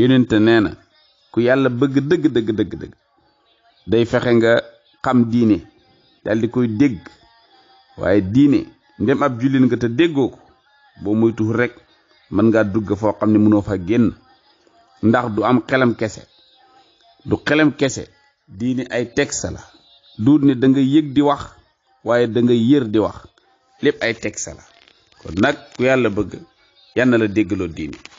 yonente nee na ku yàlla bëgg dëgg dëgg dëgg dëgg day fexe nga xam diine daldi koy dégg waaye diine ndem ab jullit nga te déggoo ko boo moytu rekk mën ngaa dugg foo xam ne mënoo fa génn ndax du am xelam kese du xelam kese diine ay texte la duut ne da yëg di wax waaye dangay yér di wax lépp ay tegsa la kon nag ku yàlla bëgg yàlla na la déggaloo diine